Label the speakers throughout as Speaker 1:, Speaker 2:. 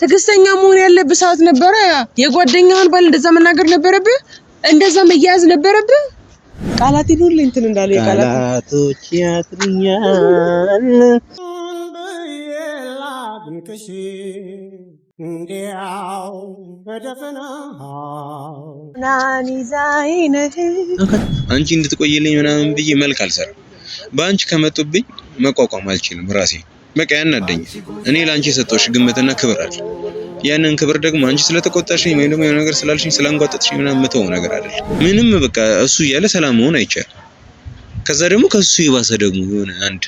Speaker 1: ትግስተኛ መሆን ያለብህ ሰዓት ነበረ። የጓደኛህን ባል እንደዛ መናገር ነበረብህ። እንደዛ መያያዝ ነበረብህ።
Speaker 2: ቃላት ሁሉ እንትን እንዳለ
Speaker 3: ቃላቶች ያትኛል አንቺ እንድትቆይልኝ ምናምን ብዬ መልክ አልሰራም። በአንቺ ከመጡብኝ መቋቋም አልችልም ራሴ በቃ ያናደኝ እኔ ለአንቺ የሰጠሁሽ ግምትና ክብር አለ። ያንን ክብር ደግሞ አንቺ ስለተቆጣሽኝ ወይም ደግሞ የሆነ ነገር ስላልሽኝ ስላንጓጠጥሽኝ ምናምን የምተወው ነገር አይደለም። ምንም በቃ እሱ እያለ ሰላም መሆን አይቻልም። ከዛ ደግሞ ከሱ የባሰ ደግሞ የሆነ አንድ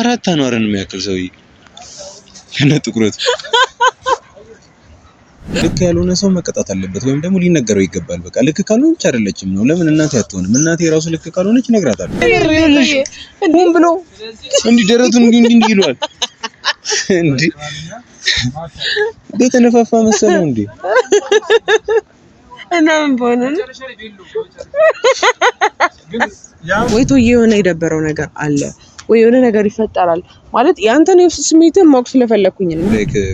Speaker 3: አራት አኗርን የሚያክል ሰውዬ ከነ ጥቁረቱ ልክ ያልሆነ ሰው መቀጣት አለበት፣ ወይም ደግሞ ሊነገረው ይገባል። በቃ ልክ ካልሆነች አይደለችም ነው። ለምን እናቴ አትሆንም? እናቴ የራሱ ልክ ካልሆነች እነግራታለሁ። እንዲህም ብሎ እንዲህ ደረቱን እንዲህ እንዲህ እንዲህ ይሏል። እንዲህ የተነፋፋ መሰለው እንዴ? እና ምን በሆነ
Speaker 1: ወይቶ የሆነ የደበረው ነገር አለ ወይ የሆነ ነገር ይፈጠራል ማለት ያንተን የውስጥ ስሜትን ማወቅ ስለፈለግኩኝ ነው።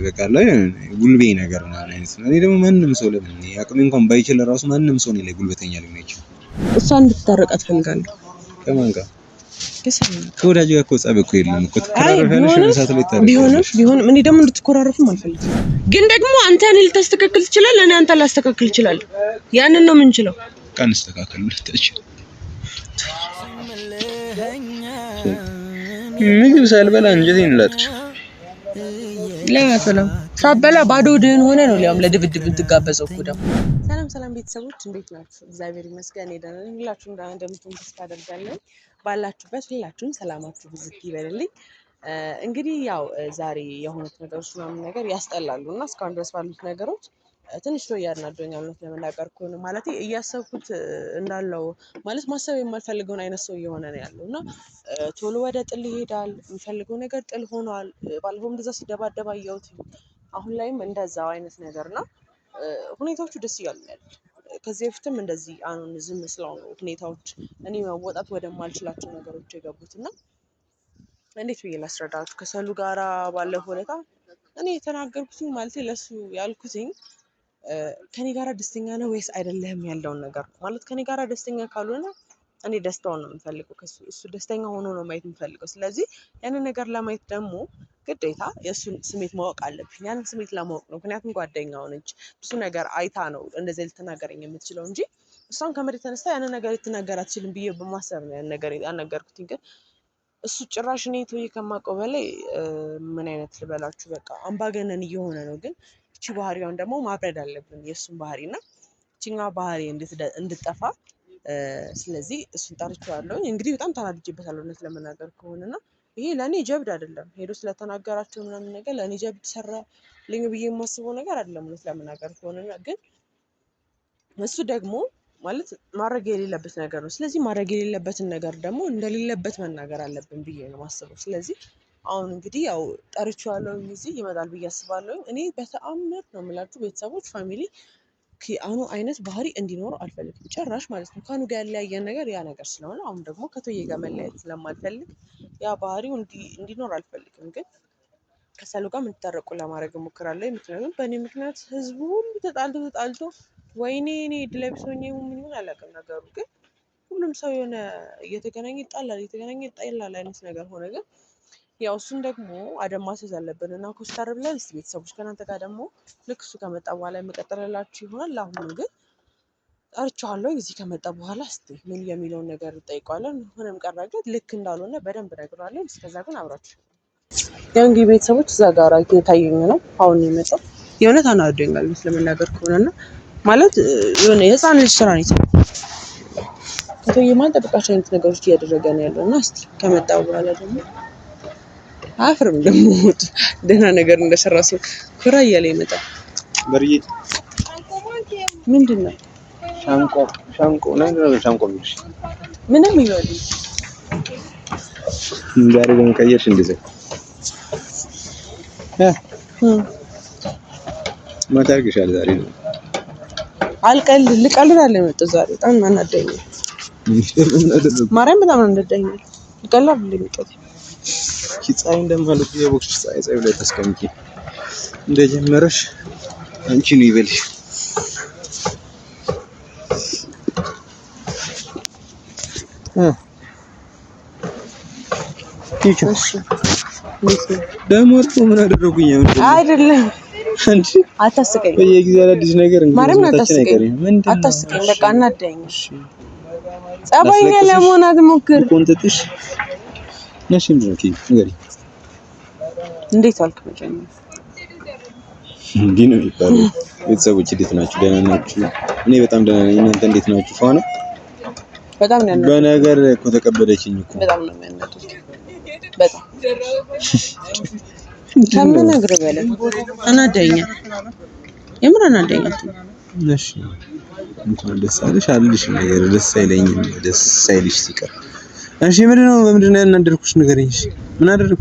Speaker 3: በቃ ላይ ጉልቤ ነገር ነው አይነት ነው። እኔ ደግሞ ማንም ሰው ለምን አቅሜ እንኳን ባይችል ራሱ ማንም ሰው እኔ ላይ ጉልበተኛ ሊሆን ይችላል።
Speaker 1: እሷ እንድትታረቅ ትፈልጋለሁ።
Speaker 3: ከማን ጋር? ከወዳጅ ጋር እኮ ጸብ እኮ የለም
Speaker 1: እኮ ቢሆንም ቢሆንም እኔ ደግሞ እንድትኮራረፍም አልፈልግም። ግን ደግሞ አንተ እኔ ልታስተካክል ትችላለህ፣ እኔ አንተ ላስተካክል ይችላል። ያንን ነው የምንችለው።
Speaker 3: ቀን ስተካከል ሁለታችን ምግብ ሳልበላ እንጀቴን ላጥሽ
Speaker 1: ለማሰላም ሳበላ ባዶ ድህን ሆነ ነው ሊያውም ለድብድብ እንትጋበዘው እኮ ደግሞ።
Speaker 4: ሰላም ሰላም ቤተሰቦች እንዴት ናችሁ? እግዚአብሔር ይመስገን ደህና ነን። ሁላችሁም ደህና እንደምትሆኑ ተስፋ አደርጋለሁ። ባላችሁበት ሁላችሁም ሰላማችሁ ብዝት ይበልልኝ። እንግዲህ ያው ዛሬ የሆኑት ነገሮች ምናምን ነገር ያስጠላሉ እና እስካሁን ድረስ ባሉት ነገሮች ትንሽ ነው እያናደኝ እውነት ለመናገር ከሆነ ማለት እያሰብኩት እንዳለው ማለት ማሰብ የማልፈልገውን አይነት ሰው እየሆነ ነው ያለው እና ቶሎ ወደ ጥል ይሄዳል። የሚፈልገው ነገር ጥል ሆኗል። ባለፈውም እንደዛ ሲደባደባ እያውት አሁን ላይም እንደዛው አይነት ነገር ነው። ሁኔታዎቹ ደስ እያሉ ያሉት ከዚህ በፊትም እንደዚህ አሁን ዝም ስለው ነው ሁኔታዎች እኔ መወጣት ወደማልችላቸው ነገሮች የገቡት እና እንዴት ብዬ ላስረዳችሁ ከሰሉ ጋራ ባለው ሁኔታ እኔ የተናገርኩትኝ ማለት ለሱ ያልኩትኝ ከኔ ጋራ ደስተኛ ነው ወይስ አይደለህም ያለውን ነገር ማለት ከኔ ጋራ ደስተኛ ካልሆነ እኔ ደስታውን ነው የምፈልገው፣ እሱ ደስተኛ ሆኖ ነው ማየት የምፈልገው። ስለዚህ ያንን ነገር ለማየት ደግሞ ግዴታ የእሱን ስሜት ማወቅ አለብኝ። ያንን ስሜት ለማወቅ ነው። ምክንያቱም ጓደኛው ነች፣ ብዙ ነገር አይታ ነው እንደዚህ ልትናገረኝ የምትችለው እንጂ እሷን ከመሬት ተነስታ ያንን ነገር ልትናገር አትችልም ብዬ በማሰብ ነው ያን ነገር ያናገርኩትኝ። ግን እሱ ጭራሽ እኔ ቶዬ ከማውቀው በላይ ምን አይነት ልበላችሁ፣ በቃ አምባገነን እየሆነ ነው ግን እቺ ባህሪዋን ደግሞ ማብረድ አለብን የእሱን ባህሪ እና እችኛዋ ባህሪ እንድጠፋ ስለዚህ እሱን ጠርቼዋለሁ። እንግዲህ በጣም ተናድጄበታለሁ እውነት ለመናገር ከሆነ እና ይሄ ለእኔ ጀብድ አይደለም። ሄዶ ስለተናገራቸው ምናምን ነገር ለእኔ ጀብድ ሰራልኝ ብዬ የማስበው ነገር አይደለም እውነት ለመናገር ከሆነ ግን እሱ ደግሞ ማለት ማድረግ የሌለበት ነገር ነው። ስለዚህ ማድረግ የሌለበትን ነገር ደግሞ እንደሌለበት መናገር አለብን ብዬ ነው የማስበው። ስለዚህ አሁን እንግዲህ ያው ጠርቼዋለሁኝ እዚህ ይመጣል ብዬ አስባለሁ። እኔ በተአምር ነው የምላችሁ ቤተሰቦች ፋሚሊ አኑ አይነት ባህሪ እንዲኖረው አልፈልግም ጭራሽ ማለት ነው። ከአኑ ጋር ያለያየን ነገር ያ ነገር ስለሆነ አሁን ደግሞ ከቶዬ ጋር መለያየት ስለማልፈልግ ያ ባህሪው እንዲኖር አልፈልግም። ግን ከሰሉ ጋር የምንታረቁ ለማድረግ እሞክራለሁ። ምክንያቱም በእኔ ምክንያት ህዝቡ ሁሉ ተጣልቶ ተጣልቶ ወይኔ እኔ ድለቢሶኝ ምን ይሆን አላውቅም። ነገሩ ግን ሁሉም ሰው የሆነ እየተገናኘ ይጣላል፣ እየተገናኘ ይጣላል አይነት ነገር ሆነ ግን ያው እሱን ደግሞ አደም ማስያዝ አለብን እና ኮስተር ብለን እስቲ ቤተሰቦች ከእናንተ ጋር ደግሞ ልክ እሱ ከመጣ በኋላ የምቀጥልላችሁ ይሆናል። ለአሁኑ ግን ጠርቼዋለሁ። እዚህ ከመጣ በኋላ እስቲ ምን የሚለውን ነገር እንጠይቀዋለን። ሆነም ቀረ ልክ እንዳልሆነ በደንብ እነግረዋለሁ። እስከዛ ግን አብራችሁ
Speaker 1: ያው እንግዲህ ቤተሰቦች እዛ ጋር እየታየኝ ነው አሁን የመጣው የእውነት አናዶኛል ለመናገር ከሆነና ማለት የሆነ የህፃን ልጅ ስራ ነው ከቶ የማን ጠብቃቸው አይነት ነገሮች እያደረገ ነው ያለው እና እስቲ ከመጣ በኋላ ደግሞ አፍርም ደግሞ ደህና ነገር እንደሰራ ሰው ኩራ እያለ ይመጣል። በርይት ምንድን ነው?
Speaker 3: ሻንቆ ሻንቆ ነው። ሻንቆ ምንም ይበሉ ዛሬ በመቀየርሽ እንደዚህ ማታ አድርግሻል። ዛሬ ነው
Speaker 1: አልቀልድ ልቀልድ አለ የመጣው ዛሬ በጣም አናዳኝ። ማርያም በጣም አናዳኝ ልቀልድ አለ የመጣው
Speaker 3: እስኪ ፀሐይ እንደማለት የቦክስ ፀሐይ ፀሐይ ላይ ተስቀምጪ እንደጀመረሽ አንቺ ነው ይበልሽ። ደግሞ እርጦ ምን አደረጉኝ?
Speaker 1: አይደለም አንቺ አታስቀኝ።
Speaker 3: በየጊዜ አዳዲስ ነገር
Speaker 1: ማርያምን አታስቀኝ፣ አታስቀኝ። በቃ እናዳኝ ጸባይኛ ለመሆን አትሞክር።
Speaker 3: እሺ ምንድን ነው?
Speaker 1: እንዴት አልክ? መጀመሪያ
Speaker 3: እንዲህ ነው የሚባለው። ቤተሰቦች እንዴት ናችሁ? ደህና ናችሁ? እኔ በጣም ደህና ነኝ። እናንተ እንዴት ናችሁ? ፋና በጣም ነው በነገር እኮ ተቀበለችኝ እኮ
Speaker 1: በጣም ነው የሚያናደው። በጣም ከምነግርህ በላይ አናደኛ፣ የምር አናደኛ። እሺ
Speaker 3: እንኳን ደስ አለሽ አልልሽም፣ ነገር ደስ አይለኝም። ደስ አይልሽ ሲቀር እሺ ምንድን ነው በምንድን ነው ያናደድኩሽ? ንገረኝ። እሺ ምን አደረኩ?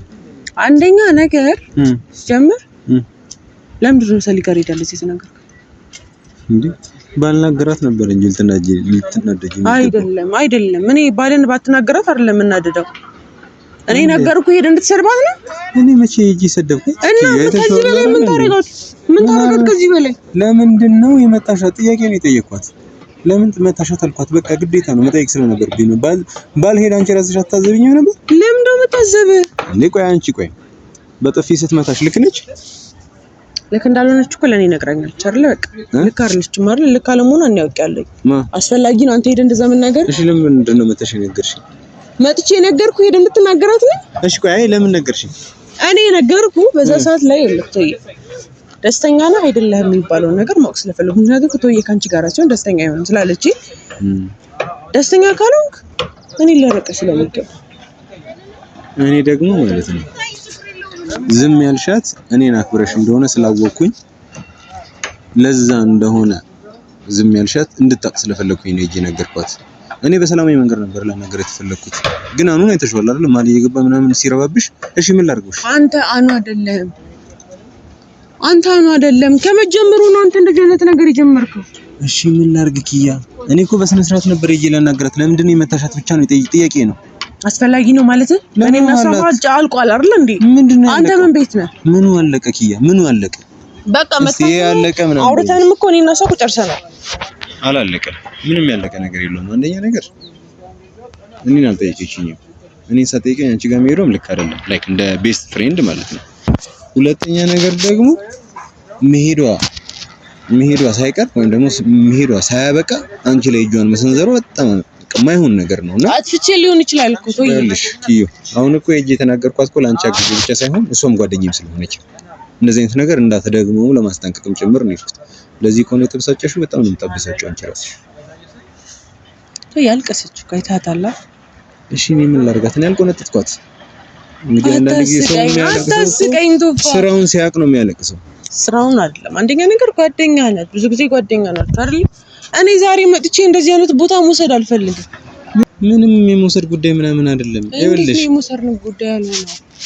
Speaker 1: አንደኛ ነገር ጀምር። ለምንድን ነው ሰሊ ጋር ሄዳለች የተናገርኩት?
Speaker 3: እንዴ ባልናገራት ነበር እንጂ ልትናደጂ
Speaker 1: ልትናደጂ አይደለም፣ አይደለም። እኔ ባልን ባትናገራት አይደለም እናደደው እኔ ነገርኩ ሄደ እንድትሰድባት ነው።
Speaker 3: እኔ መቼ ሂጂ ሰደብኩ
Speaker 1: እና ከዚህ በላይ ምን ታረጋት? ምን ታረጋት? ከዚህ በላይ?
Speaker 3: ለምንድን ነው የመጣሻት? ጥያቄ ነው የጠየኳት። ለምን መታሻት አልኳት። በቃ ግዴታ ነው መጠየቅ ስለነበረብኝ ነው። ባል ባል ሄድ አንቺ ራስሽ አታዘብኝም ነበር?
Speaker 1: ለምን ነው መታዘብ
Speaker 3: እንዴ? ቆይ አንቺ ቆይ በጥፊ ስትመታሽ ልክ ነች?
Speaker 1: ልክ እንዳልሆነች እኮ ለእኔ ነግራኛለች አይደል? በቃ ልክ አይደለችም አይደል? ልክ አለመሆኗን እኔ አውቄያለሁ። አስፈላጊ ነው አንተ ሄደ እንደዛ መናገር።
Speaker 3: እሺ ለምን ነው መተሽ ነገርሽ?
Speaker 1: መጥቼ የነገርኩ ሄደ እንድትናገራት ነው።
Speaker 3: እሺ ቆይ አይ ለምን ነገርሽ?
Speaker 1: እኔ ነገርኩ በዛ ሰዓት ላይ የለም ተይ ደስተኛ ነህ አይደለህም የሚባለውን ነገር ማወቅ ስለፈለጉ፣ ምክንያቱም ከቶዬ ከአንቺ ጋር ሲሆን ደስተኛ አይሆንም ስላለች ደስተኛ ካልሆንክ እኔ ሊያረቀ ስለሚገባ
Speaker 3: እኔ ደግሞ ማለት ነው ዝም ያልሻት እኔን አክብረሽ እንደሆነ ስላወቅኩኝ ለዛ እንደሆነ ዝም ያልሻት እንድታቅ ስለፈለግኩኝ ነው እጄ ነገርኳት። እኔ በሰላማዊ መንገድ ነበር ለነገር የተፈለግኩት፣ ግን አኑን አይተሽዋል አይደል? ማን እየገባ ምናምን ሲረባብሽ፣ እሺ ምን ላድርገውሽ?
Speaker 1: አንተ አኑ አይደለህም አንተ ነው አይደለም? ከመጀመሩ ነው አንተ እንደዚህ አይነት ነገር የጀመርከው።
Speaker 3: እሺ ምን ላድርግ ኪያ? እኔ እኮ በስነ ስርዓት ነበር እጄ ለናገራት። ለምንድን ነው የመታሻት? ብቻ ነው ጥያቄ ነው።
Speaker 1: አስፈላጊ ነው ማለት እኔ እና ሰማጭ አልቋል አይደል እንዴ? አንተ ምን ቤት ነህ?
Speaker 3: ምኑ አለቀ ኪያ? ምኑ አለቀ? በቃ መጥተህ ያለቀ
Speaker 1: ምናምን አውርተንም እኮ እኔ እና ሰው ጨርሰናል።
Speaker 3: አላለቀም። ምንም ያለቀ ነገር የለውም። አንደኛ ነገር እኔን አልጠየቀችኝም። እኔን ሳትጠይቀኝ አንቺ ጋር መሄዷም ልክ አይደለም። ላይክ እንደ ቤስት ፍሬንድ ማለት ነው ሁለተኛ ነገር ደግሞ መሄዷ መሄዷ ሳይቀር ወይም ደግሞ መሄዷ ሳያበቃ አንቺ ላይ እጇን መሰንዘሩ በጣም የማይሆን ነገር ነው እና
Speaker 1: አትፍቼ ሊሆን ይችላል እኮ
Speaker 3: አሁን እኮ ሂጅ የተናገርኳት እኮ ለአንቺ አግዤ ብቻ ሳይሆን እሷም ጓደኛም ስለሆነች እንደዚህ አይነት ነገር እንዳትደግሞ ለማስጠንቀቅም ጭምር ነው የሄድኩት። ለዚህ ከሆነ የተበሳጨሽው በጣም ነው የምታበሳጨው አንቺ እራስሽ።
Speaker 1: ያልቀሰችው አይታታላ።
Speaker 3: እሺ እኔ ምን ላድርጋት? እኔ ያልቆነጠጥኳት
Speaker 1: እንግዲህ አንዳንድ ጊዜ ሰው የሚያለቅሰው
Speaker 3: ስራውን ሲያውቅ ነው የሚያለቅሰው።
Speaker 1: ስራውን አይደለም። አንደኛ ነገር ጓደኛ ናት፣ ብዙ ጊዜ ጓደኛ ናት አይደል? እኔ ዛሬ መጥቼ እንደዚህ አይነት ቦታ መውሰድ አልፈልግም።
Speaker 3: ምንም የመውሰድ ጉዳይ ምናምን አይደለም።
Speaker 1: ይኸውልሽ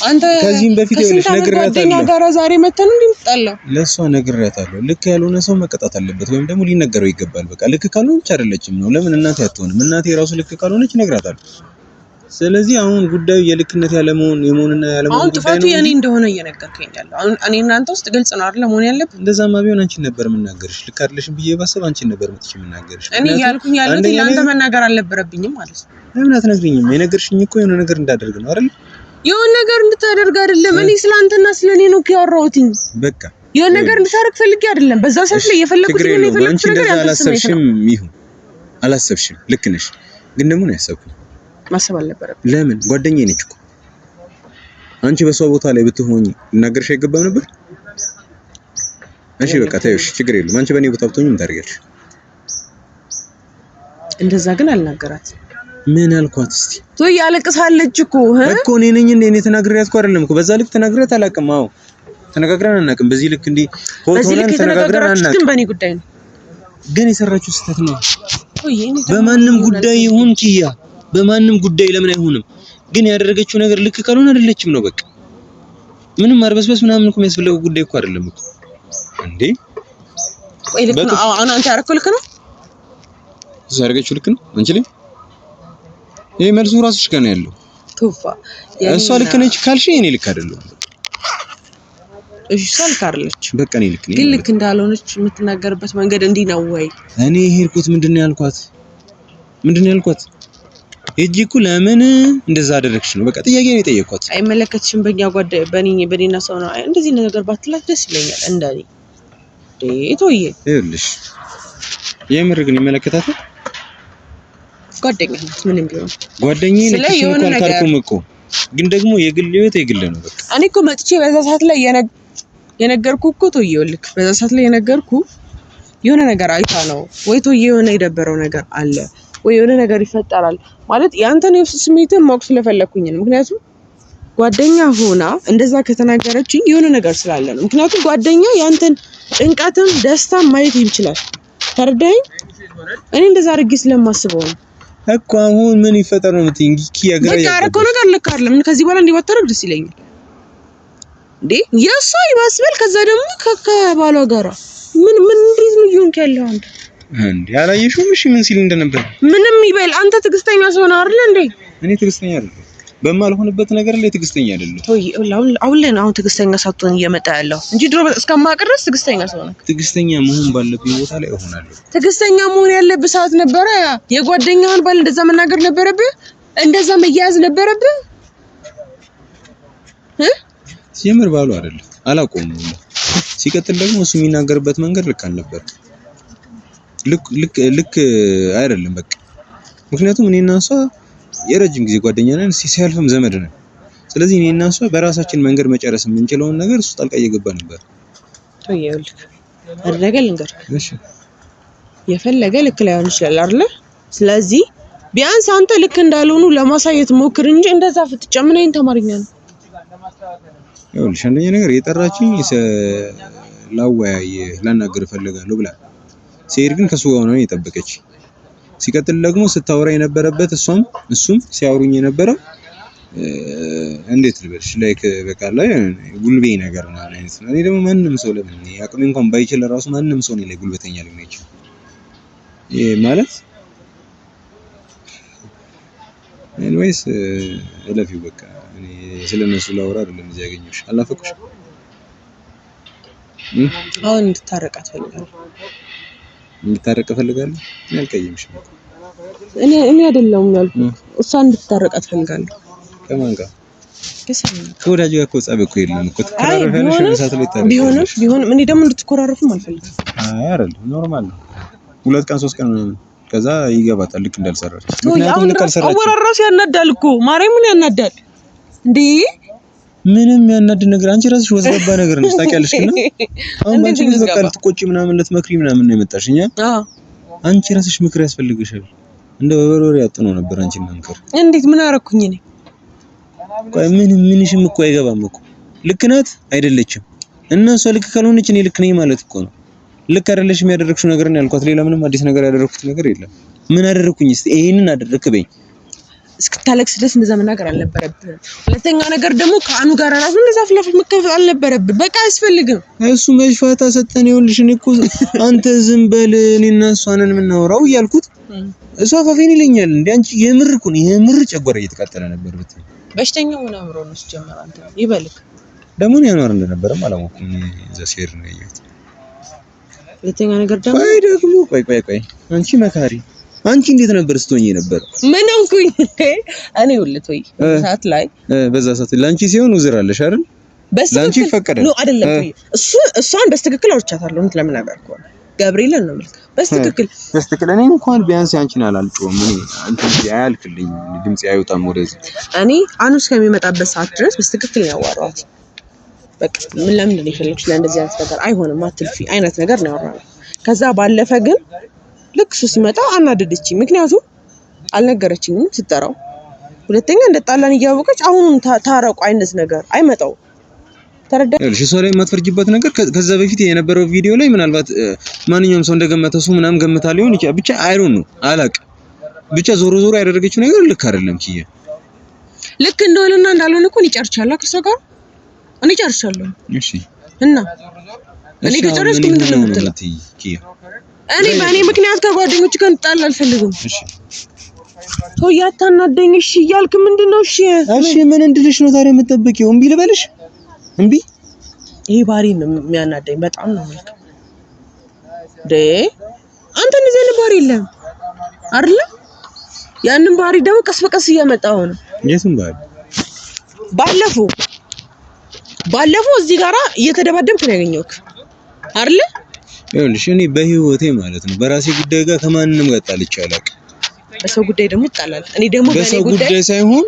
Speaker 1: አንተ ከዚህም በፊት ይኸውልሽ ነግሬያታለሁ፣ ጋራ ዛሬ መተን እንድንጣላው
Speaker 3: ለእሷ ነግሬያታለሁ። ልክ ያልሆነ ሰው መቀጣት አለበት ወይም ደግሞ ሊነገረው ይገባል። በቃ ልክ ካልሆነች አይደለችም ነው። ለምን እናቴ አትሆንም? እናቴ የራሱ ልክ ካልሆነች ነግራታለሁ ስለዚህ አሁን ጉዳዩ የልክነት ያለመሆን የመሆንና
Speaker 1: ያለመሆን አሁን ጥፋቱ የኔ እንደሆነ እየነገርከኝ ያለው አሁን እኔ እናንተ ውስጥ ግልጽ ነው አይደለ? መሆን ያለብን
Speaker 3: እንደዛማ ቢሆን አንቺን ነበር የምናገርሽ። ልክ አይደለሽም ብዬ ባሰብ አንቺን ነበር መጥቼ የምናገርሽ።
Speaker 1: እኔ ያልኩኝ ያልኩት ለአንተ መናገር አልነበረብኝም ማለት ነው።
Speaker 3: ለምን አትነግሪኝም? የነገርሽኝ እኮ የሆነ ነገር እንዳደርግ ነው አይደል?
Speaker 1: የሆነ ነገር እንድታደርግ አይደለም። እኔ ስለ ስለኔ ነው ያወራሁትኝ። በቃ የሆነ ነገር እንድታደርግ ፈልጌ አይደለም። በዛ ሰዓት ላይ
Speaker 3: የፈለኩት ነገር ያልተሰማኝ አላሰብሽም። ይሁን አላሰብሽም። ልክ ነሽ፣ ግን ደግሞ ነው ያሰብኩት
Speaker 1: ማሰብ አልነበረብኝ።
Speaker 3: ለምን ጓደኛዬ ነች እኮ አንቺ በሷ ቦታ ላይ ብትሆኚ ልናገርሽ አይገባም ነበር? እሺ በቃ ታዩሽ፣ ችግር የለም። አንቺ በእኔ ቦታ ብትሆኚ ምን ታደርጊያለሽ?
Speaker 1: እንደዛ ግን አልናገራት።
Speaker 3: ምን አልኳት? እስቲ
Speaker 1: ቶ ያለቅሳለች እኮ
Speaker 3: እኮ እኔ ነኝ እንዴ? እኔ ተናግሬያት እኮ አይደለም እኮ በዛ ልክ ተናግሬያት አላውቅም። አዎ ተነጋግረን አናውቅም። በዚህ ልክ እንዲህ
Speaker 1: በዚህ ልክ ተነጋግረን አናውቅም። ግን በእኔ ጉዳይ ነው።
Speaker 3: ግን የሰራችው ስህተት ነው። በማንም ጉዳይ ይሁን ኪያ በማንም ጉዳይ ለምን አይሆንም? ግን ያደረገችው ነገር ልክ ካልሆነ አይደለችም ነው በቃ። ምንም አርበስበስ ምናምን እኮ የሚያስፈልገው ጉዳይ እኮ አይደለም እኮ እንዴ።
Speaker 1: ቆይ ልክ ነው አሁን አንተ ልክ ነው፣
Speaker 3: ያደረገችው ልክ ነው። አንቺ ላይ መልሱ ጋር ነው ያለው። ቶፋ እሷ ልክ ነች ካልሽ እኔ ልክ አይደለሁም።
Speaker 1: እሺ እሷ ልክ አይደለች፣ በቃ እኔ ልክ ነኝ። ግን ልክ እንዳልሆነች የምትናገርበት መንገድ እንዲህ ነው ወይ?
Speaker 3: እኔ ሄድኩት ምንድን ነው ያልኳት? ምንድን ነው ያልኳት ሂጂ እኮ ለምን እንደዛ አደረግሽ ነው። በቃ ጥያቄ ነው የጠየቅኳት።
Speaker 1: አይመለከትሽም፣ በእኛ ጓደኛ በኔና ሰው ነው እንደዚህ ነገር ባትላት ደስ ይለኛል። እንደኔ ቶዬ
Speaker 3: ይኸውልሽ፣ የምር ግን ይመለከታታል።
Speaker 1: ጓደኛ ናት ምንም
Speaker 3: ቢሆን ጓደኛ ነች። ካልኩም እኮ ግን ደግሞ የግል ህይወት የግል ነው። በቃ
Speaker 1: እኔ እኮ መጥቼ በዛ ሰዓት ላይ የነገርኩ እኮ ቶዬ፣ ይኸውልህ በዛ ሰዓት ላይ የነገርኩ የሆነ ነገር አይታ ነው ወይ ቶዬ፣ የሆነ የደበረው ነገር አለ ወይ የሆነ ነገር ይፈጠራል ማለት ያንተን የውስጥ ስሜትን ማወቅ ስለፈለግኩኝ ነው። ምክንያቱም ጓደኛ ሆና እንደዛ ከተናገረችኝ የሆነ ነገር ስላለ ነው። ምክንያቱም ጓደኛ ያንተን ጭንቀትም ደስታም ማየት ይችላል። ተረዳኸኝ? እኔ እንደዛ አድርጌ ስለማስበው ነው
Speaker 3: እኮ አሁን ምን ይፈጠር ነው የምትይኝ?
Speaker 1: በቃ ያደረገው ነገር ልክ አይደለም። ከዚህ በኋላ እንዲባታረግ ደስ ይለኛል። እንዴ የእሷ ይባስበል ከዛ ደግሞ ከባሏ ጋራ ምን ምን ሪዝም ይሆንክ ያለው አንተ
Speaker 3: እንዴ አላየሽውም? እሺ ምን ሲል እንደነበር
Speaker 1: ምንም ይበል። አንተ ትዕግስተኛ ሰው ነህ አይደል እንዴ?
Speaker 3: እኔ ትዕግስተኛ አይደለም። በማልሆንበት ነገር ላይ ትዕግስተኛ አይደለም።
Speaker 1: ቶይ አሁን አሁን ላይ አሁን ትዕግስተኛ ሳትሆን እየመጣ ያለው እንጂ ድሮ እስከማቀረስ ድረስ ትዕግስተኛ ሰው ነህ።
Speaker 3: ትዕግስተኛ መሆን ባለብኝ ቦታ ላይ እሆናለሁ።
Speaker 1: ትዕግስተኛ መሆን ያለብህ ሰዓት ነበረ። የጓደኛህን ባል እንደዛ መናገር ነበረብህ። እንደዛ መያያዝ ነበረብህ።
Speaker 3: ሲምር ባሉ አይደለም አላቆሙም። ሲቀጥል ደግሞ እሱ የሚናገርበት መንገድ ልክ አልነበረም። ልክ ልክ አይደለም በቃ። ምክንያቱም እኔና እሷ የረጅም ጊዜ ጓደኛ ነን፣ ሲያልፍም ዘመድ ነን። ስለዚህ እኔና እሷ በራሳችን መንገድ መጨረስ የምንችለውን ነገር እሱ ጣልቃ እየገባ ነበር።
Speaker 1: አደረገ የፈለገ ልክ ላይሆን ይችላል አይደለ? ስለዚህ ቢያንስ አንተ ልክ እንዳልሆኑ ለማሳየት ሞክር እንጂ እንደዛ ፍጥጫ ምን አይነት አማርኛ ነው?
Speaker 3: ይኸውልሽ አንደኛ ነገር የጠራችኝ ላወያይ ላናገር እፈልጋለሁ ብላ ሲሄድ ግን ከሱ ጋር ሆና ነው የጠበቀች። ሲቀጥል ደግሞ ስታወራ የነበረበት እሷም እሱም ሲያወሩኝ የነበረው እንዴት ልበልሽ ላይክ በቃ ላይ ጉልቤ ነገር ነው አይነት ነው። እኔ ደግሞ ማንም ሰው ለምን አቅሜ እንኳን ባይችል ራሱ ማንም ሰው እኔ ላይ ጉልበተኛ ሊሆን ይችላል። ይሄ ማለት ኤኒዌይስ እለፊው በቃ እኔ ስለነሱ ላውራ አይደለም እዚህ ያገኘሁሽ። አላፈቅሽም
Speaker 1: አሁን እንድታረቃት ፈልጋለሁ
Speaker 3: እንድታረቅ እፈልጋለሁ። እኔ አልቀየምሽም።
Speaker 1: እኔ እኔ አይደለሁም ያልኩት እሷ እንድታረቅ እፈልጋለሁ።
Speaker 3: ከማን ጋር? ከወዳጅ ጋር እኮ ፀብ እኮ የለም
Speaker 1: እኮ ቢሆንም ቢሆንም እኔ ደግሞ እንድትኮራረፉም አልፈልግም።
Speaker 3: አይ አይደል፣ ኖርማል ነው። ሁለት ቀን ሶስት ቀን ከዛ ይገባታል። ልክ እንዳልሰራች
Speaker 1: ምክንያቱም ልክ አልሰራችም። አወራራሱ ያናዳል እኮ ማርያምን ያናዳል እንዴ
Speaker 3: ምንም ያናድ ነገር አንቺ ራስሽ ወዝገባ ነገር ነሽ ታውቂያለሽ። እና አሁን ባንቺ ልጅ በቃ ልትቆጪ ምናምን ልትመክሪ ምናምን ነው የመጣሽ። እኛ አንቺ ራስሽ ምክር ያስፈልግሻል። እንደ በበሮሪ ያጥኖ ነበር አንቺ መምከር።
Speaker 1: እንዴት ምን አረኩኝ እኔ?
Speaker 3: ቆይ ምን ምንሽም እኮ አይገባም እኮ ልክ ናት አይደለችም። እና እሷ ልክ ካልሆነች እኔ ልክ ነኝ ማለት እኮ ነው። ልክ አይደለሽም ያደረግሽው ነገር ነው ያልኳት። ሌላ ምንም አዲስ ነገር ያደረኩት ነገር የለም። ምን አደረኩኝ? እስቲ ይሄንን አደረክ በይኝ
Speaker 1: እስክታለቅስ ድረስ እንደዛ መናገር አልነበረብንም። ሁለተኛ ነገር ደግሞ ከአኑ ጋር ራሱ እንደዛ ፊት ለፊት መከፈት አልነበረብን። በቃ አያስፈልግም።
Speaker 3: እሱ መሽፋታ ሰጠን? ይኸውልሽ እኔ እኮ አንተ ዝም በል እኔና እሷንን የምናወራው እያልኩት እሷ ፋፌን ይለኛል። እንደ አንቺ የምር እኮ ነው የምር ጨጓራ እየተቃጠለ ነበር። ብት
Speaker 1: በሽተኛ ሆነ አምሮ ነው ሲጀመር አንተ ይበልክ
Speaker 3: ደግሞ ነው ያኗር እንደነበረም አላወኩም። እዛ ሲሄድ ነው ያየሁት። ሁለተኛ ነገር ደግሞ ቆይ ደግሞ ቆይ ቆይ ቆይ አንቺ መካሪ አንቺ እንዴት ነበር ስትሆኚ ነበር?
Speaker 1: ምን ሆንኩኝ? እኔ ሁለት ሰዓት ላይ
Speaker 3: በዛ ሰዓት ላንቺ ሲሆን ውዝር አለሽ አይደል? ላንቺ ይፈቀዳል።
Speaker 1: አይደለም እሱ እሷን በስትክክል አውርቻታለሁ። እንት ለምን ነገር ከሆነ ገብርኤልን ነው የምልህ። በስትክክል
Speaker 3: በስትክክል። እኔ እንኳን ቢያንስ ያንቺን አላልጮም። እኔ አንቺ አያልክልኝ ድምጽ አይወጣም ወደዚህ።
Speaker 1: እኔ አኑስ ከሚመጣበት ሰዓት ድረስ በስትክክል ነው ያዋራሁት። በቃ ምን ለምን ነው የፈለግሽ? ለእንደዚህ አይነት ነገር አይሆንም አትልፊ አይነት ነገር ነው ያወራነው። ከዛ ባለፈ ግን ልክ እሱ ሲመጣ አናደደች። ምክንያቱም አልነገረችኝም ስጠራው። ሁለተኛ እንደጣላን እያወቀች አሁኑም ታረቁ አይነት ነገር አይመጣው
Speaker 3: ተረዳሽ? እሷ ላይ የማትፈርጅበት ነገር ከዛ በፊት የነበረው ቪዲዮ ላይ ምናልባት ማንኛውም ሰው እንደገመተ እሱ ምናምን ገምታ ሊሆን ይችላል። ብቻ አይሮን ነው አላቅ ብቻ ዞሮ ዞሮ ያደረገችው ነገር ልክ አይደለም። ኪያ
Speaker 1: ልክ እንደሆነና እንዳልሆነ እኮ እኔ ጨርሻለሁ፣ ከእሷ ጋር እኔ ጨርሻለሁ። እሺ እና እኔ ከጨረስኩ ምንድን ነው የምትለው እኔ በእኔ ምክንያት ከጓደኞች ጋር እንጣላ አልፈልግም። እሺ ሰው ያታናደኝ። እሺ እያልክ ምንድን ነው? እሺ
Speaker 3: እሺ፣ ምን እንድልሽ ነው ታዲያ የምትጠብቂው? እምቢ ልበልሽ? እምቢ?
Speaker 1: ይሄ ባህሪ ነው የሚያናደኝ በጣም ነው ማለት ደ አንተ እንደዚህ አይነት ባህሪ የለም አይደለ? ያንን ባህሪ ደግሞ ቀስ በቀስ እያመጣው ነው። የቱን ባህሪ? ባለፈው ባለፈው እዚህ ጋራ እየተደባደብክ ነው ያገኘሁት አይደለ?
Speaker 3: ይኸውልሽ እኔ በህይወቴ ማለት ነው በራሴ ጉዳይ ጋር ከማንም ጋር ጣልቼ አላውቅም።
Speaker 1: በሰው ጉዳይ ደግሞ እጣላለሁ። እኔ ደግሞ
Speaker 3: በሰው ጉዳይ ሳይሆን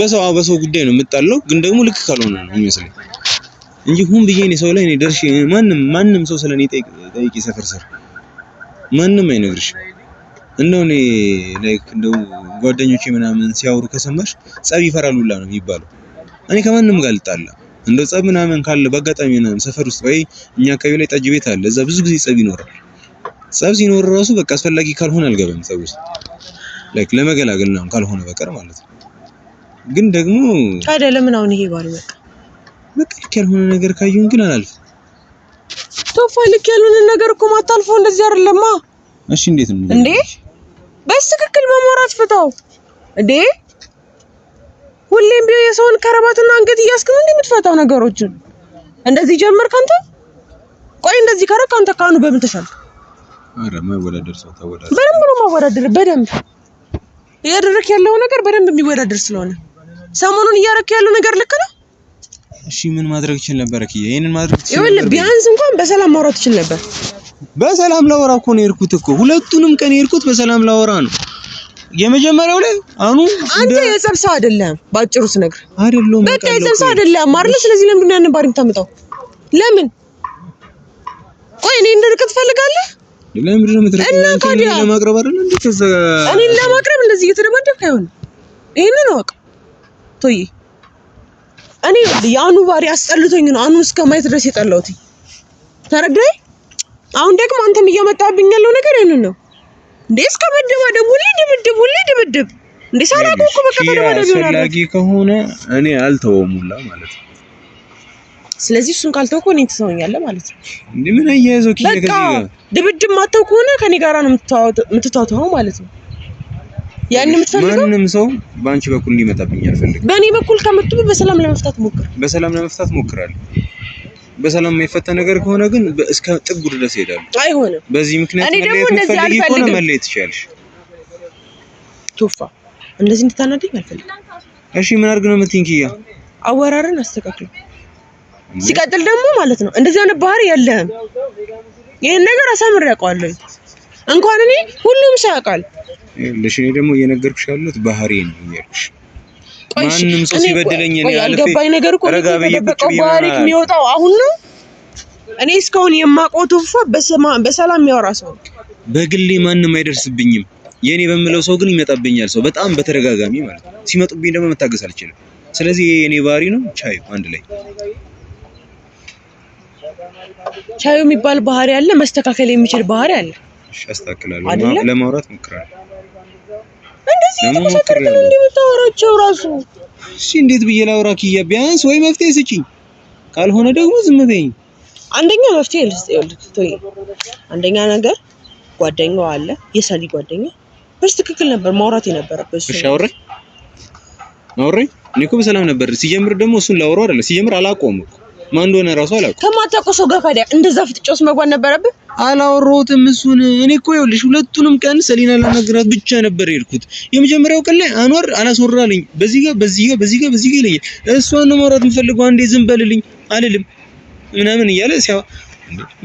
Speaker 3: በሰው በሰው ጉዳይ ነው የምጣለው፣ ግን ደግሞ ልክ ካልሆነ ነው የሚመስለኝ እንጂ ሁን ብዬ እኔ ሰው ላይ እኔ ደርሼ ማንም ማንም ሰው ስለኔ ጠይቂ ሰፈር ሰር ማንም አይነግርሽም። እንደው እኔ ላይክ እንደው ጓደኞቼ ምናምን ሲያወሩ ከሰማሽ ጸብ ይፈራሉላ ነው የሚባለው። እኔ ከማንም ጋር ልጣላ እንደ ጸብ ምናምን ካለ በአጋጣሚ ምናምን ሰፈር ውስጥ ወይ እኛ አካባቢ ላይ ጠጅ ቤት አለ። እዛ ብዙ ጊዜ ጸብ ይኖራል። ጸብ ሲኖር ራሱ በቃ አስፈላጊ ካልሆነ አልገባም ጸብ ውስጥ ላይክ ለመገላገል ምናምን ካልሆነ በቀር ማለት ነው። ግን ደግሞ
Speaker 1: ታዲያ ለምን አሁን ይሄ ባል በቃ
Speaker 3: በቃ ልክ ያልሆነ ነገር ካየሁን ግን አላልፍም።
Speaker 1: ቶፋ ልክ ያልሆነ ነገር እኮ ማታልፈው እንደዚህ አይደለማ።
Speaker 3: እሺ እንዴት ነው
Speaker 1: እንዴ? በትክክል መሞራት ፍታው እንዴ ሁሌም ቢሆን የሰውን ከረባትና አንገት እያስክም እንዴ የምትፈታው ነገሮችን እንደዚህ ጀመርክ አንተ። ቆይ እንደዚህ ካረክ አንተ ካኑ በምን ተሻልክ?
Speaker 3: ኧረ ማይወዳደር ሰው
Speaker 1: ተወዳደር። በደንብ ነው ማወዳደር። በደንብ እያደረክ ያለው ነገር በደንብ የሚወዳደር ስለሆነ ሰሞኑን እያደረክ ያለው ነገር ልክ ነው።
Speaker 3: እሺ ምን ማድረግ ይችል ነበር? እኪ ይሄንን ማድረግ ይችል
Speaker 1: ነበር። ቢያንስ እንኳን በሰላም ማውራት ይችል ነበር።
Speaker 3: በሰላም ላወራ እኮ ነው የሄድኩት እኮ ሁለቱንም ቀን የሄድኩት በሰላም ላወራ ነው። የመጀመሪያው ላይ
Speaker 1: አኑ አንተ የጸብ ሰው አይደለም። ባጭሩ ስነግርህ አይደለም፣ በቃ የጸብ ሰው አይደለም አይደል? ስለዚህ ለምንድን ነው ያንን ባሪ የምታመጣው? ለምን ቆይ እኔ እንድርቅ ትፈልጋለህ? ለምንድን ነው የምትርቀው? እና ካዲያ
Speaker 3: ለማቅረብ አይደል እንዴ?
Speaker 1: ከዛ እኔን ለማቅረብ እንደዚህ እየተደባደብክ አይሆንም። ይሄንን ነው በቃ ቶዬ እኔ የአኑ ባሪ አስጠልቶኝ ነው አኑ እስከ ማየት ድረስ የጠላሁት። ተረዳይ? አሁን ደግሞ አንተም እየመጣብኝ ያለው ነገር ይሄንን ነው። እንዴ እስከ መደባደቡ ላይ ድብድቡ ላይ ድብድብ እንዴ ሳላውቀው
Speaker 3: እኮ በቃ ተደባደቡ ይሆናል። ከሆነ እኔ አልተወውም ሁላ ማለት ነው።
Speaker 1: ስለዚህ እሱን ካልተው እኮ እኔ ትተወኛለህ ማለት ነው።
Speaker 3: እንዴ ምን አያይዘው
Speaker 1: ኪያ ከዚህ ጋር ድብድብ ማተው ከሆነ ከኔ ጋራ ነው የምትተዋወተው ማለት ነው። ያን
Speaker 3: የምትፈልገው ማንም ሰው በአንቺ በኩል እንዲመጣብኝ አልፈልግም።
Speaker 1: በእኔ በኩል ከመጡብህ በሰላም ለመፍታት
Speaker 3: ሞክር። በሰላም ለመፍታት ሞክራለሁ። በሰላም የማይፈታ ነገር ከሆነ ግን እስከ ጥጉ ድረስ ይሄዳሉ። አይሆንም። በዚህ ምክንያት እኔ ደግሞ እንደዚህ አልፈልግም። መለየት ይችላልሽ።
Speaker 1: ቶፋ እንደዚህ እንድታናደኝ አልፈልግም።
Speaker 3: እሺ ምን አድርግ ነው የምትይኝ? አወራረን
Speaker 1: አወራርን አስተካክሉ። ሲቀጥል ደግሞ ማለት ነው እንደዚህ አይነት ባህሪ የለህም። ይሄን ነገር አሳምር አውቀዋለሁ። እንኳን እኔ ሁሉም ሰው ያውቃል።
Speaker 3: እሺ እኔ ደግሞ እየነገርኩሽ ያለሁት ባህሪ ነው እያልኩሽ ማንም ሰው ሲበድለኝ እኔ ያልገባኝ ነገር እኮ በኋላ የሚወጣው አሁን ነው። እኔ እስካሁን የማውቀው በሰማ በሰላም የሚያወራ ሰው በግሌ ማንም አይደርስብኝም። የእኔ በምለው ሰው ግን ይመጣብኛል። ሰው በጣም በተደጋጋሚ ማለት ነው። ሲመጡብኝ ደግሞ መታገስ አልችልም። ስለዚህ ይሄ የኔ ባህሪ ነው። ቻዩ አንድ ላይ ቻዩ የሚባል ባህሪ አለ፣ መስተካከል የሚችል ባህሪ አለ። እሺ አስተካክላለሁ። ለማውራት እሞክራለሁ እንደዚህ የተመሳከርክ ነው እንደምታወራቸው ራሱ። እሺ እንዴት ብዬ ላውራ ኪያ? ቢያንስ ወይ መፍትሄ ስጪኝ፣ ካልሆነ ደግሞ ዝም በይኝ። አንደኛ መፍትሄ ልስጥ ይልክ ቶይ። አንደኛ ነገር ጓደኛው አለ የሰሊ ጓደኛ በስ ትክክል ነበር ማውራት የነበረበት እሺ አውሪ አውሪ። እኔ እኮ በሰላም ነበር ሲጀምር። ደግሞ እሱን ላውራው አይደለ ሲጀምር፣ አላቆምኩ ማን እንደሆነ ራሱ አላውቅም። ከማታውቀው ሰው ጋር ታዲያ እንደዛ ፍጥጫውስ መጓን ነበረብህ? አላወራሁትም እሱን። እኔ እኮ ይኸውልሽ ሁለቱንም ቀን ሰሊና ላናግራት ብቻ ነበር የሄድኩት። የመጀመሪያው ቀን ላይ አንወር አላስወራልኝ በዚህ ጋር በዚህ ጋር በዚህ ጋር በዚህ ጋር ይለኛል። እሷን ነው ማውራት የምፈልገው። አንዴ ዝም በልልኝ አልልም ምናምን እያለ ሲያ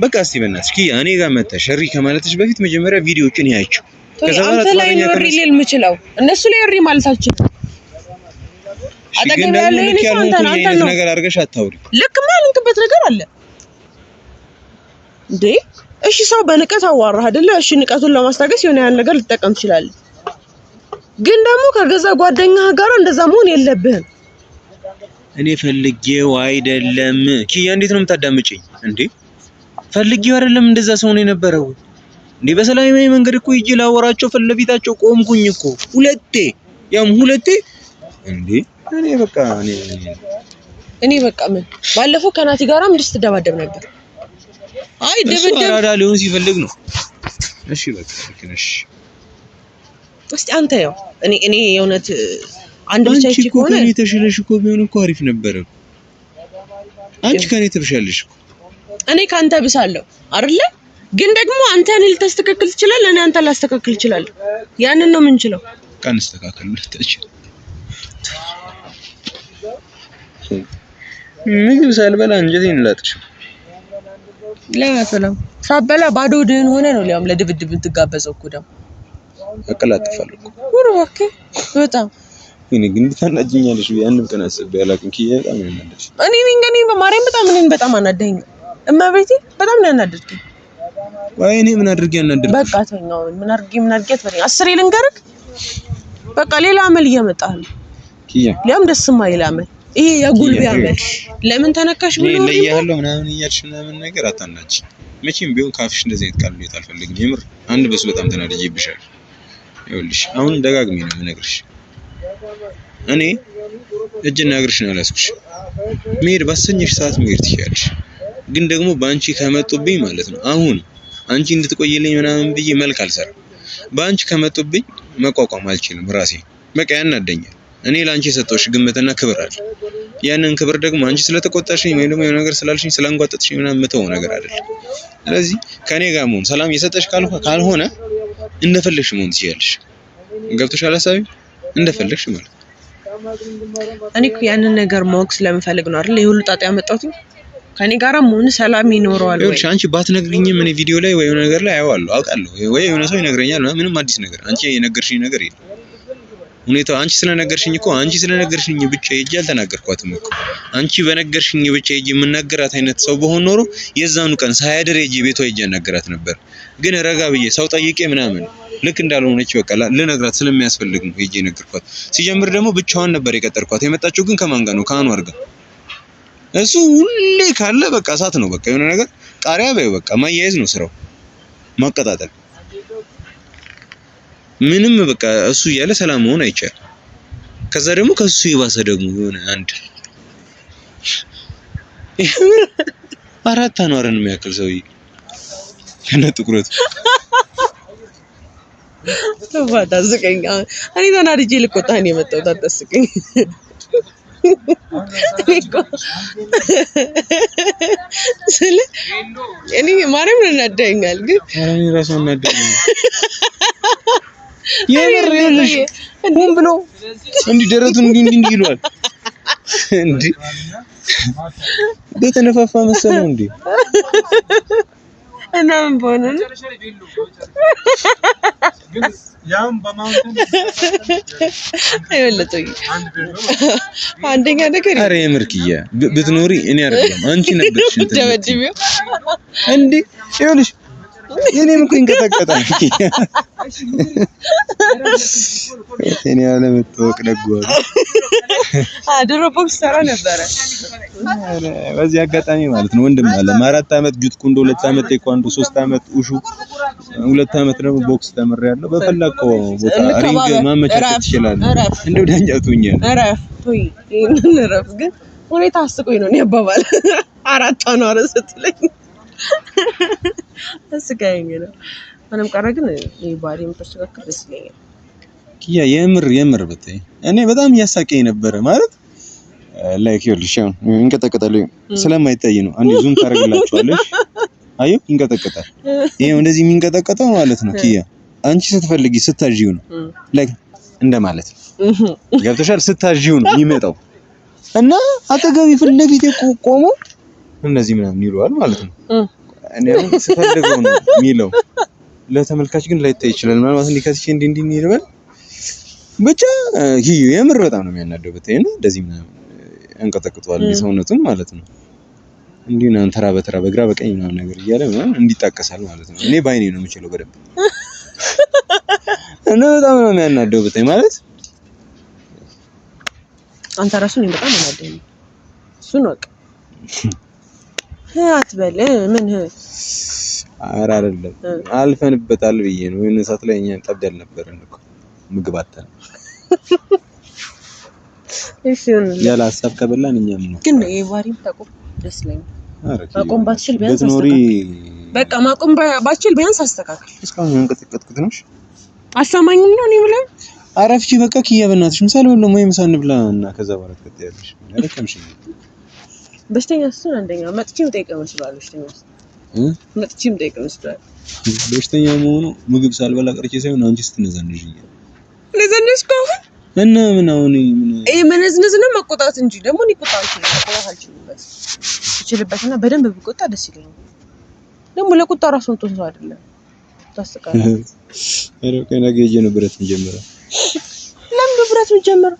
Speaker 3: በቃ እስቲ በእናትሽ እስኪ እኔ ጋር መጣ ሸሪ ከማለትሽ በፊት መጀመሪያ ቪዲዮዎችን ያያቸው። ከዛ አንተ ላይ ነው እሪ ልል የምችለው እነሱ ላይ እሪ ማለታችን አጠገብ ያለው ነገር አድርገሽ አታውሪ። ልክ ማለንክበት ነገር አለ እንዴ እሺ ሰው በንቀት አዋራህ አይደለ? እሺ ንቀቱን ለማስታገስ የሆነ ያን ነገር ልጠቀም ትችላለህ። ግን ደግሞ ከገዛ ጓደኛህ ጋር እንደዛ መሆን የለብህም። እኔ ፈልጌው አይደለም። ኪያ እንዴት ነው የምታዳምጪኝ እንዴ? ፈልጌው አይደለም እንደዛ ሰው ነው የነበረው እንዴ? በሰላማዊ መንገድ እኮ ሂጅ ላወራቸው ፊት ለፊታቸው ቆምኩኝ እኮ ሁለቴ፣ ያም ሁለቴ እንዴ። እኔ በቃ እኔ እኔ በቃ ምን ባለፈው ከናቲ ጋራም እንድትደባደብ ነበር አይ ደብደብ አራዳ ሊሆን ሲፈልግ ነው። እሺ በቃ እሺ፣ እስቲ አንተ ያው እኔ እኔ የእውነት አንድ ብቻ እቺ ከሆነ አንቺ ተሽለሽ እኮ ቢሆን እኮ አሪፍ ነበረ። አንቺ ከኔ ትብሻለሽ እኮ እኔ ካንተ ብሳለሁ አይደለ? ግን ደግሞ አንተ እኔ ልታስተካክል ትችላለህ፣ እኔ አንተ ላስተካክል እችላለሁ። ያንን ነው የምንችለው። ቀን አስተካክል ሁለታችን ምግብ ሳልበላ እንጀቴን ላጥሽ ለመሰለው ሳበላ ባዶ ድህን ሆነ ነው ሊያውም ለድብድብ የምትጋበዘው እኮ ደግሞ አቀላጥፋለሁ እኮ ወሩ ወኬ በጣም እኔ ግን ታናጅኛለሽ ያንም ቀን አስቤ አላውቅም ኪያ በጣም ያናደድሽ እኔ ነኝ ገኔ በማርያም በጣም እኔን በጣም አናደኝ እመቤቴ በጣም ነው ያናደድከኝ ወይ እኔ ምን አድርጌ አናደድኩ? በቃ ተኛው ምን አድርጌ ምን አድርጌ አትበለኝ አስሬ ልንገርክ በቃ ሌላ አመል እያመጣህ ነው ኪያ ሊያም ደስማ የማይል አመል ይሄ የጉልቢያ አመል ለምን ተነካሽ ብሎ ነው ያለው ምናምን እያልሽ ምናምን ነገር አታናች። መቼም ቢሆን ካፍሽ እንደዚህ አይነት ቃል ሁኔታ አልፈልግም። የምር አንድ በሱ በጣም ተናድጄብሻል። ይኸውልሽ አሁንም ደጋግሜ ነው የምነግርሽ፣ እኔ እጅና እግርሽ ነው ያላስኩሽ። መሄድ ባሰኘሽ ሰዓት መሄድ ትችያለሽ፣ ግን ደግሞ በአንቺ ከመጡብኝ ማለት ነው አሁን አንቺ እንድትቆይልኝ ምናምን ብዬ መልክ አልሰራም። በአንቺ ከመጡብኝ መቋቋም አልችልም ራሴ በቃ ያናደኛል። እኔ ለአንቺ የሰጠሁሽ ግምትና ክብር አለ። ያንን ክብር ደግሞ አንቺ ስለተቆጣሽኝ ወይም ደግሞ የሆነ ነገር ስላልሽኝ ስላንጓጠጥሽኝ ምናምን የምተወው ነገር አይደለም። ስለዚህ ከእኔ ጋር መሆን ሰላም የሰጠሽ ካልሆነ እንደፈለግሽ መሆን ትችያለሽ። ገብቶሻል? ሀሳቢ እንደፈለግሽ ማለት ነው። እኔ እኮ ያንን ነገር ማወቅ ስለምፈልግ ነው አይደል የሁሉ ጣጣ ያመጣሁት። ከኔ ጋር መሆን ሰላም ይኖረዋል ወይ? አንቺ ባትነግሪኝም እኔ ቪዲዮ ላይ ወይ ነገር ላይ አየዋለሁ፣ አውቃለሁ ወይ የሆነ ሰው ይነግረኛል። ምንም አዲስ ነገር አንቺ የነገርሽኝ ነገር የለም ሁኔታው አንቺ ስለነገርሽኝ እኮ አንቺ ስለነገርሽኝ ብቻ ሄጄ አልተናገርኳትም እኮ። አንቺ በነገርሽኝ ብቻ ሄጄ የምናገራት አይነት ሰው በሆን ኖሮ የዛኑ ቀን ሳያደር ሄጄ ቤቷ ሄጄ አናገራት ነበር። ግን ረጋ ብዬ ሰው ጠይቄ ምናምን ልክ እንዳልሆነች በቃ ልነግራት ስለሚያስፈልግ ነው ሄጄ ነገርኳት። ሲጀምር ደግሞ ብቻዋን ነበር የቀጠርኳት። የመጣችው ግን ከማን ጋር ነው? ከአንዋር ጋር። እሱ ሁሌ ካለ በቃ እሳት ነው። በቃ የሆነ ነገር ቃሪያ በቃ ማያያዝ ነው ስራው ማቀጣጠል ምንም በቃ እሱ እያለ ሰላም መሆን አይቻልም። ከዛ ደግሞ ከሱ የባሰ ደግሞ የሆነ አንድ አራት አኗርን የሚያክል ሰውዬ ከነ ጥቁረቱ አታስቀኝ። እኔ ተናድጄ ልቆጣ ነው የመጣሁት። አታስቀኝ። ስለ እኔ ማርያም ነው እናዳኛል ግን የምር ይኸውልሽ፣ ሆን ብሎ እንዲህ ደረቱን እንዲህ እንዲህ ይሏል። እንዲህ በተነፋፋ መሰለው እንዴ እና ምን በሆነ አንደኛ ነገር ብትኖሪ እኔ አይደለም አንቺ ነበርሽ እንዴ ይኸውልሽ እኔም እኮ ይንቀጠቀጣል። እኔ አለመታወቅ ነግሯል። ድሮ ቦክስ ሰራ ነበረ። በዚህ አጋጣሚ ማለት ነው ወንድም አለ አራት ዓመት ጁትኩንዶ፣ ሁለት ዓመት ቴኳንዶ፣ ሶስት ዓመት ውሹ፣ ሁለት ዓመት ደግሞ ቦክስ ተምሬያለሁ። በፈለከው ቦታ ሪንግ ማመቻቸት ትችላለህ። እንደው ዳኛው ትሆኛለህ። እረፍ ግን ሁኔታ አስቆኝ ነው እኔ አባባል አራት ነው ስትለኝ አስቃየኝ ነው። ምንም ቀረ ግን ባሪ የምታስተካክል ደስ ይለኛል። ያ የምር የምር ብታይ እኔ በጣም እያሳቀኝ ነበረ ማለት ላይክ ይኸውልሽ፣ እንቀጠቀጣል ስለማይታይ ነው። አንዴ ዙም ታደርግላችኋለሽ። አዩ ይንቀጠቀጣል። ይሄው እንደዚህ የሚንቀጠቀጠው ማለት ነው ኪያ አንቺ ስትፈልጊ ስታዥው ነው ላይክ እንደማለት ነው። ገብተሻል? ስታዥው ነው የሚመጣው እና አጠገቢ ፊት ለፊት ቆሞ እነዚህ ምናምን ይለዋል ማለት ነው። እኔ አሁን ስፈልገው ነው የሚለው፣ ለተመልካች ግን ላይታይ ይችላል ምናልባት እንዲከስቼ እንዲህ እንዲህ ይልበል ብቻ ይህ የምር በጣም ነው የሚያናደው። ብታይ ነው እንደዚህ ምናምን ያንቀጠቅጠዋል ሰውነቱን ማለት ነው። እንዲህ ምናምን ተራ በተራ በግራ በቀኝ ምናምን ነገር እያለ ምናምን እንዲጣቀሳል ማለት ነው። እኔ ባይኔ ነው የምችለው በደንብ እና በጣም ነው የሚያናደው። ብታይ ማለት አንተ ራሱን በጣም ያናደኝ እሱ ነው በቃ አትበል። ምን ኧረ አይደለም አልፈንበታል ብዬ ነው። የሆነ ሰዓት ላይ እኛ ጠብደል ነበር እኮ ምግብ አተን። ያለ ሀሳብ ከበላን እኛ ምን ግን ይሄ ባሪም ደስ ይለኛል። ማቆም ባትችል ቢያንስ በቃ ማቆም ባትችል ቢያንስ አስተካክል። እስካሁን ያንቀጠቀጥኩት ነው። አሰማኝም ነው እኔ ብለህ አረፍቺ በቃ ኪያ በእናትሽ ምሳሌ ወሎ ወይ ምሳ እና ከዛ በኋላ ትቀጥያለሽ። አረፍሽ በሽተኛ ስትሆን አንደኛ መጥቼም ጠይቀህ መስሏል። በሽተኛ መጥቼም ጠይቀህ መስሏል። በሽተኛ መሆኑ ምግብ ሳልበላ ቀርቼ ሳይሆን አንቺ ስትነዘንዥ ነዘንሽ እኮ እና ምን አሁን ይሄ ነው መቆጣት እንጂ ደግሞ እኔ ቁጣ አልችልበት እችልበትና በደንብ ብቆጣ ደስ ይለኛል። ደግሞ ለቁጣ ራሱ እንትን ሰው አይደለም ታስቃለህ። ኧረ ቆይ ነገ ሂጅ ነው ብረት የሚጀምረው። ለምን ብረት የሚጀምረው?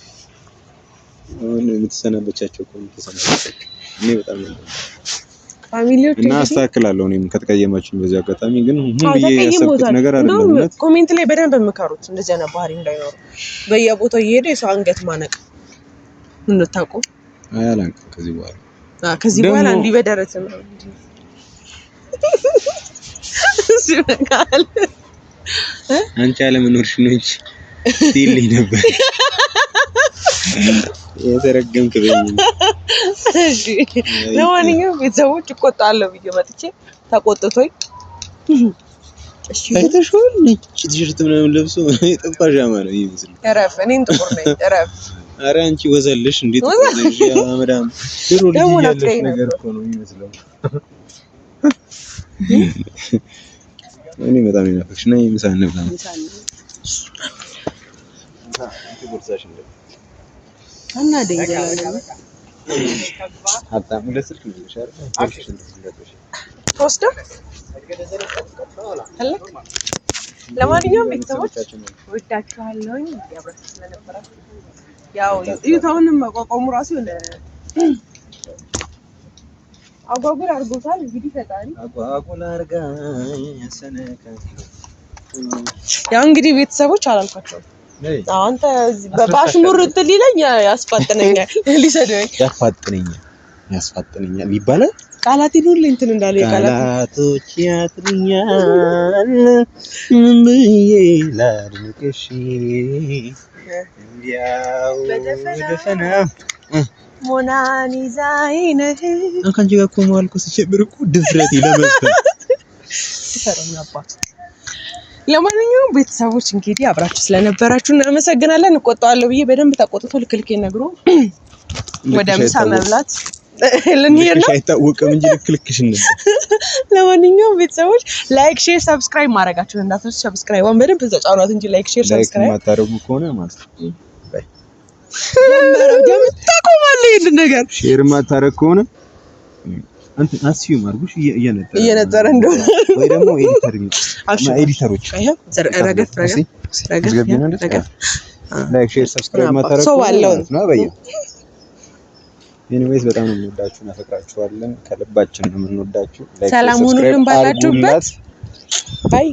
Speaker 3: አሁን የምትሰናበቻቸው እኮ የምትሰናበቻቸው እኔ በጣም ነው እና አስተካክላለሁ። እኔም ከተቀየማችሁ በዚህ አጋጣሚ ግን ሁሉ ያሰብኩት ነገር አይደለም። እውነት ኮሜንት ላይ በደንብ የምከሩት እንደዚህ አይነት ባህሪ እንዳይኖር በየቦታው እየሄደ የሰው አንገት ማነቅ እንድታውቁ አያላንቅ ከዚህ በኋላ አዎ፣ ከዚህ በኋላ እንዲህ በደረት ነው አንቺ አለመኖርሽ ነው እንጂ ሲል ነበር የተረገምክበኝ። ለማንኛውም ቤተሰቦች እቆጣለሁ ብዬ መጥቼ ተቆጥቶኝ ሽሽሆን ነጭ ቲሸርት ምናምን ለብሶ የጠባ ዣማ ነው ይመስል። እረፍ፣ እኔም ጥቁር ነኝ። እረፍ። አረ አንቺ ወዛለሽ እንዴ! ትቆጣለሽ። ድሮ ልጅ ያለሽ ነገር እኮ ነው የሚመስለው። እኔ በጣም ይናፈቅሽ ነኝ። ምሳ እንብላ ለማንኛውም ቤተሰቦች ወዳችኋለሁኝ። ያው መቋቋሙ ራሱ አጓጉል አድርጎታል። እንግዲህ ፈጣሪ አጓጉል አድርጋ ያው እንግዲህ ቤተሰቦች አላልኳቸውም። አንተ በአሽሙር እንትን ሊለኝ ያስፋጥነኛል፣ ሊሰደኝ ያስፋጥነኛል፣ ያስፋጥነኛል ይባላል። ቃላቴን ሁሉ እንትን እንዳለ ቃላቶች ያጥሩኛል። ምን ብዬ ላድንቅሽ? እንዲያው ደፈና ሞናሊዛ ነህ። አንቺ ጋር እኮ መዋል እኮ ሲቸብር እኮ ድፍረት ለመዝፈን ለማንኛውም ቤተሰቦች እንግዲህ አብራችሁ ስለነበራችሁ እናመሰግናለን። እቆጣዋለሁ ብዬ በደንብ ተቆጥቶ ልክልኬ ነግሮ ወደ ምሳ መብላት ልንሄድ ነው። አይታወቅም እንጂ ልክልክሽ ለማንኛውም ቤተሰቦች ላይክ፣ ሼር፣ ሰብስክራይብ ማድረጋችሁን እንዳትረሱ። ሰብስክራይብ ዋን በደንብ ተጫውሏት እንጂ ላይክ፣ ሼር፣ ሰብስክራይብ ማታደርጉ ከሆነ ማለት ነው ታቆማለህ ይሄንን ነገር ሼር ማታደርግ ከሆነ አንተ አስዩም አድርጉሽ እየነጠረ እየነጠረ እንደሆነ ወይ ደግሞ ኤዲተር ኤዲተሮች ረገፍ ረገፍ ላይክ ሼር ሰብስክራይብ ማታረቁ ሰው አለው ነው በየ ኤኒዌይስ በጣም ነው የምንወዳችሁ፣ እናፈቅራችኋለን። ከልባችን ነው የምንወዳችሁ። ሰላም ሁኑልን ባላችሁበት ባይ